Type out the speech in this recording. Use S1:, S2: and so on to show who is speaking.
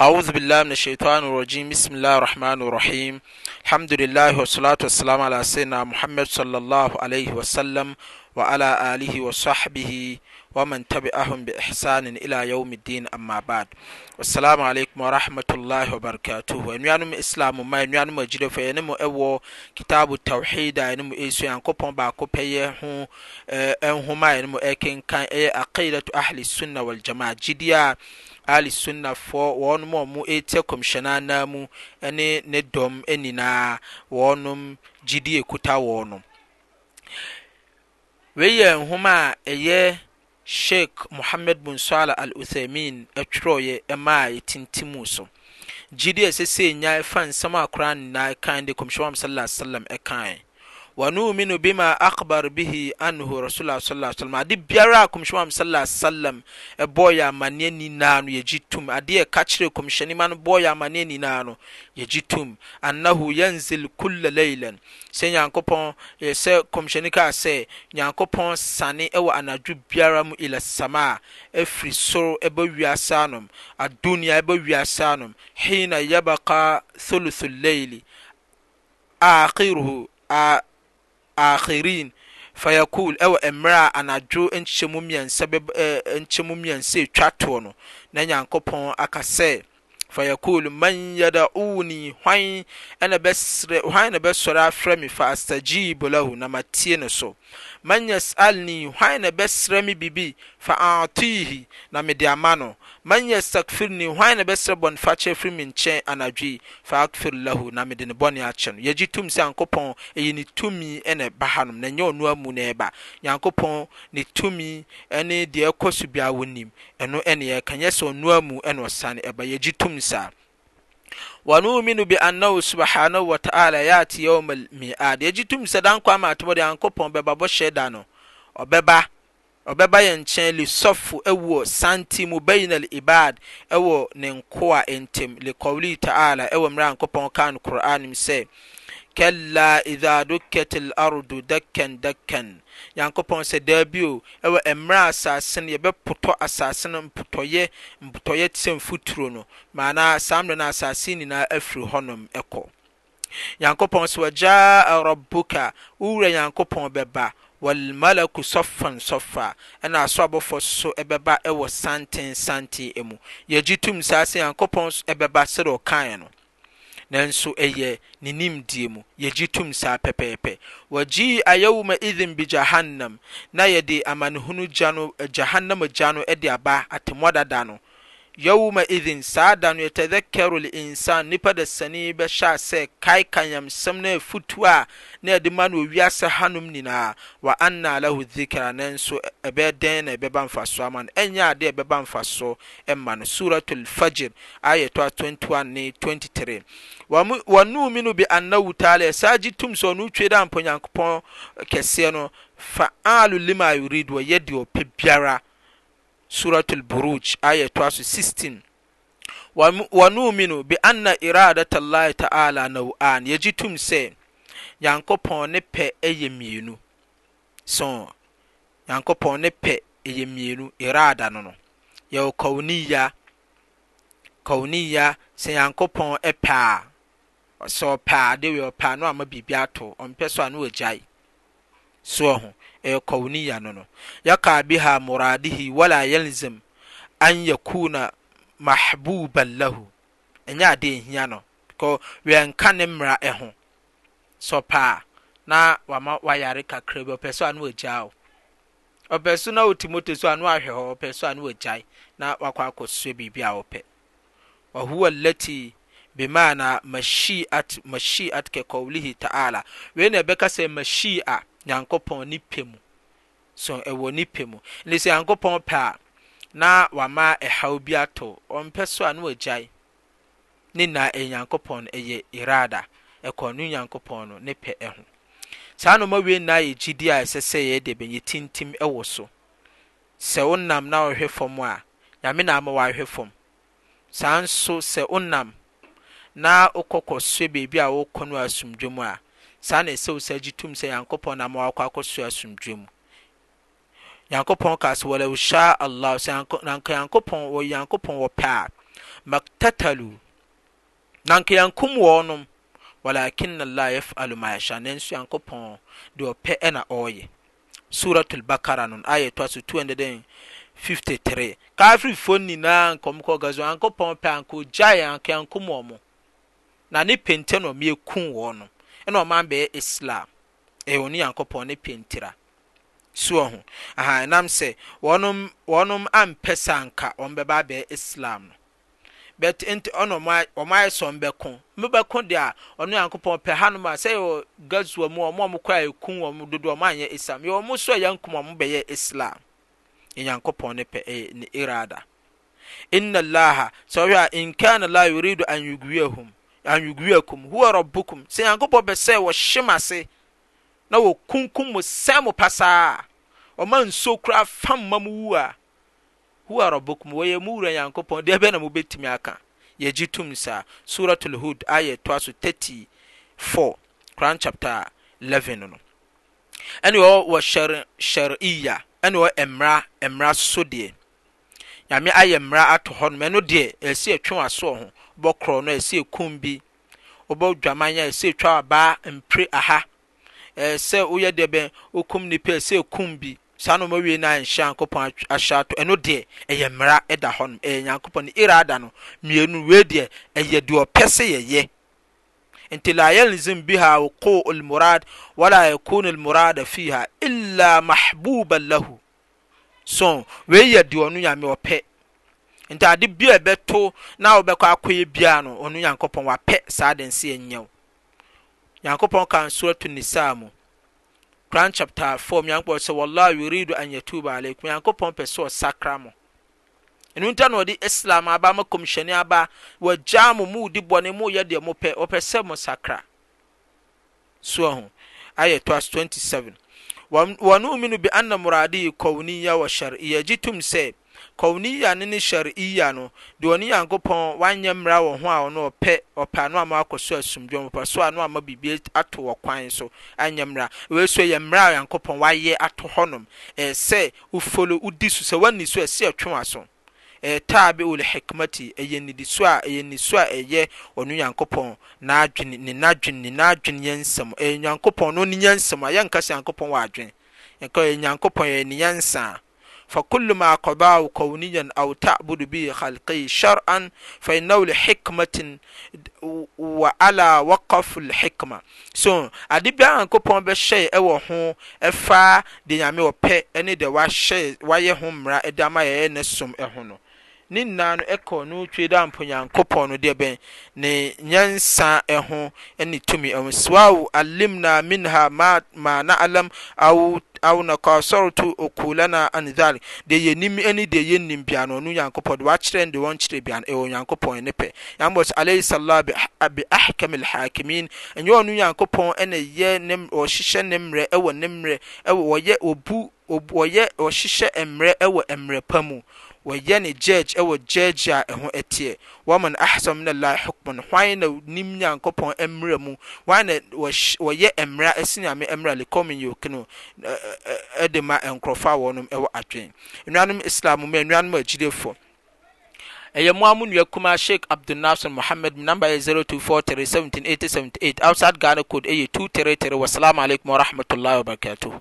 S1: أعوذ بالله من الشيطان الرجيم بسم الله الرحمن الرحيم الحمد لله والصلاة والسلام على سيدنا محمد صلى الله عليه وسلم وعلى آله وصحبه wman tabiehm beihsanin ila youm ddin ama bad wassalam alekum warahmatlah wabarakatuh anuanom islam ma nanom gyidf nm ɛwɔ kitab twhid a n s yankpɔn bakpɛyɛnhomaa nm kenkan yɛ akidat ahlisunna waljamaa gyidi ahsunnaf ɔnmmu ɛtkmsyɛnnamu ne ne dɔm nyinaa wɔnom gidi ktawɔni sheikh mohammed bin sala al uthaimin e e twerɛeɛ ɛmaa mu so gyidi a ɛsɛ sɛ nya ɛfa nsɛm a koraa e nnaa kan de kɔmhyɛ wam sallallahu alaihi wasallam wanuminu be ma akbar bihi anhu rasull sslm ade biara a kmhɛniamsasalam bɔɔ yɛ amanne ninaa no ygy tm adeɛka kerɛ kmyɛnema nɔɔ yɛ amane ninaa no ygy tm anah yansil ku leilan s nyankopɔɛsɛ kmyɛnni kaasɛ nyankopɔn sane ɛwɔ anadwo biara mu ilassamaa firi sor ba wiasaanom adunia ba wi asaanom hiina yabaa huluth laile airhu akhirin fayakul ɛwɔ mmerɛ a anadwo nkyɛmu mmiɛnsa bɛ ɛɛ nkyɛmu mmiɛnsa etwa toɔ no na nyankopɔn aka fa yakul man yadoni a a na bɛsɔre afrɛ me fa astagiblahu namatie ne so man yasalni ha na bɛsrɛ me bibi fa atih na mede ama no man yastakfirni a nabɛsrɛ bɔnfakɛfirime nkyɛ anad fa akfir lahu na medenne akyɛ noyg tmsakoɔe tmi n aoyɛnamu ankopɔe tmine kɔsbiawninnɛka yɛsɔnamu nsaneg خمسة ونؤمن بأنه سبحانه وتعالى يأتي يوم الميعاد يجي توم سدان كواما أتمري أنكو بون ببا بشيدانو أببا ɔbɛba yɛn nkyɛn lisɔfo Ewo santi mu bɛyina ibad Ewo ne nkoa ntɛm likɔwli ta'ala ɛwɔ mmerɛ a nkɔpɔn kan koran mu sɛ kala idha dokat lardo dakan dakan nyankopɔn sɛ daabio ɛwɔ mmera asase no yɛbɛpotɔ asase no mpoɔyɛ mpotɔyɛ sɛ mfoturo no maanaa saa m de no asase nyinaa afiri hɔnom kɔ nyankopɔn sɛ wɔjyaa rɔbuka wowura nyankopɔn bɛba waalmalako sɔfa n sɔfa ɛna asɔ abɔfɔ so bɛba ɛwɔ santen santen mu yɛgye tum saa sɛ nyankopɔn bɛba sɛ dɛɔkae no nanso ɛyɛ ne nimdie mu yɛgye tum saa pɛpɛɛpɛ wɔgyii ayɛwoma idhin bi jahannam na yɛde amanehunu gya no eh, jahannam gya no de aba dada no yawma idhin saa da no yɛtɛdhakaru linsan nipa da sani bɛhyɛ sɛ kae kanyamsɛm na afutu a na ɛde ma no owiase hanom nyinaa wa anna lahu dhikra nanso ɛbɛyɛ dɛn na ɛbɛba mfasoɔ ama no ɛnyɛ ade ɛbɛba mfasoɔ ɛma no suratul fajr ayɛ to a 21 ne 23 wɔnuminu bi annahu taala ɛsaa gye tom sɛ ɔno wotwe dɛ ampa nyankopɔn kɛseɛ no fa'alu lima yurid wɔyɛ deɛ ɔpɛ biara suratul buruj aya toa so 16 wanuuminu bi anna iradat allahi ta'ala naw'an yɛgye tom sɛ nyankopɔn ne pɛ yɛ mmienu so nyankopɔn ne pɛ yɛ mmienu irada no no yɛwɔ kauniya kauniya sɛ nyankopɔn pɛ e a sɛ ɔpɛ a de wei ɔpɛ a no ama biribi ato ɔmpɛ so a Eh, kauniya no no ka biha muradihi wala yalzim an yakuna mahbuban lahu enya ade ehia no ko wɛnka ne e ɛho so pa na wa yare kakra bi ɔpɛ so ano agya o ɔpɛ so na oti moto so ano ahwɛ hɔ na so ano agyae na wakɔ akɔsua biribi a wa huwa lati bimaana mashiat mashiat kaulihi ta'ala be na ɛbɛka sɛ mashia nyankopɔn ne pɛ mu so ɛwɔ ne pɛ mu nti sɛ nyankopɔn pɛ a na wama ɛhaw bi atɔ ɔmpɛ so a na wagyae ne na ɛyɛ nyankopɔn ɛyɛ irada ɛkɔ no nyankopɔn no ne pɛ ɛho saa nnoma wei nyinaa yɛ gyidi a ɛsɛ sɛ yɛ de bɛyɛ tintim ɛwɔ so sɛ wonam na ɔhwɛ fam a nyame na ama wahwɛ fam saa nso sɛ wonam na wokɔkɔ soɛ baabi a wokɔ no asomdwa mu a sannsɛo sa ji tum sɛ nyankopɔn namawakɔ akɔ suasumdwemu nyankopɔn kas walashallahnyankpɔnwɔpɛa mactatalo nan nyakum wɔnm walkinlah yafalu maashaso nyankopɔn deɔpɛɛ na ɔyɛ surat lbakara nyts 253 afnnnkpɔɛ t ɛna ɔman bɛyɛ islam ɛyɛ ɔne nyankopɔn ne pentira soɔ ho aha ɛnam sɛ wɔnom wɔnom ampɛ sanka wɔn bɛba abɛyɛ islam no bɛt nti ɔna ɔmo ayɛ sɛ ɔmo bɛko mo bɛko deɛ a ɔno nyankopɔn pɛ hanom a sɛ yɛwɔ gasua mu ɔmo a ɔmo kɔ a ekun wɔn dodo ɔmo anyɛ islam yɛwɔ mo so a yɛn ɔmo bɛyɛ islam nyankopɔn ne pɛ ɛyɛ ne irada inna laha sɛ ɔyɛ a nkana la yuridu an yuguiahum hak sɛ nyankopɔn pɛ sɛ wɔ hye m ase na wɔ kunkum mu sɛn mo pa saa a ɔma nso kora fam ma mu wu a hoarbɔkum wɔyɛ mo wura nyankopɔn deɛ bɛ na mubɛtumi aka yɛagye tom saa soratalhood ayɛ toa so 34 koran chapt 11 no ɛneɔwɔ ɛreshɛreiya ɛneɔ ɛmrammera so deɛ nyame ayɛ mmara atɔ hɔ nom ɛno deɛ asi atwe asoɔ ho bɔkrɔ no ɛsɛ ɛkum bi wɔbɔ dwamanya ɛsɛ twawbaa mpere aha sɛ woyɛ de ɛ wo kmnipa ɛse kum bi saa ne ma wiin aɛnhyɛ nyankopɔn ayto ɛno de ɛyɛ mmara da hɔ nm yɛ nyankopɔ n irada nowei deɛ yɛ deɔpɛ sɛ yɛyɛ nti la yalsem biha woko lmurad wala yakon lmuraada fiha ila mahbuban lahowei yɛ deɔnoa nti ade biaa bɛto na wobɛkɔ akɔɛ biaa no ɔno nyankopɔn pɛ saadsyɛ nyankopɔn ka surato nisa mu kran capa4sɛ wlh urid an yatba alkum nyankopɔ pɛsɛɔsakra mnoanɔde islam akɔmisyɛne amd ɔnemyɛɛɛɛt27 nmno biana muradiknɛ kɔwniya ne ne shar'iya no deɛ ɔne nyankopɔn wanyɛ mmara wɔ a ɔno ɔpɛ ɔpɛ ano ama akɔ so asomdwa ɔpɛ so ano ama biribi ato wɔ so anyɛ mmara wei so yɛ mmara a nyankopɔn wayɛ ato hɔnom wodi so sɛ woani so ɛsi ɛtwe ɛyɛ nidi so a ɛyɛ so a ɛyɛ ɔno nyankopɔn n'adwene ne n'adwene ne n'adwene yɛ nsɛm ɛyɛ nyankopɔn no ne a nyankopɔn wɔ fakul ma kadao kaniyan aw tabodu bihi alkii haran fainnaho lehikmatin wala wakaf lhikma so ade bia nyankopɔn bɛhyɛ ɛwɔ ho fa de nyame wɔpɛ ne dɛ wwayɛ ho mmara dama yɛyɛnɛ som ho no ne na no ɛkɔ notw daampo nyankopɔn no de bɛn ne yansa ho ne tumi ho swlmnaminhmanalam aw na kasartu ukulana an dhalik de yɛnim ne de yɛnnim bia no ɔno nyankopɔn de wakyerɛ de wɔn kyerɛ bia no ɛwɔ nyankopɔn ne pɛ yambos alayhi sallah bi ahkam alhakimin ɛnyɛ ɔno nyankopɔn ɛna yɛ ne ɔhyehyɛ ne mmerɛ ɛwɔ ne mmerɛ ɛwɔ wɔyɛ obu wɔyɛ ɔhyehyɛ mmerɛ ɛwɔ mmerɛ pa mu wɔyɛne jedge wɔ jerge a ɛho tiɛ waman ahsano min alahi hukmun hwan na nim nyankɔpɔn merɛ mu n wɔyɛ mera sinyame mmera lecommun yoken dema nkurɔfaa wɔnom wɔ adwen nnanom islammu ma nanom agyidef yɛmoa mu nua kuma sheik abdunaser muhamed mnumber yɛ 0243 17878 outside ghane code ɛyɛ 233r wassalamu aleykum warahmatullahi wabarakatuh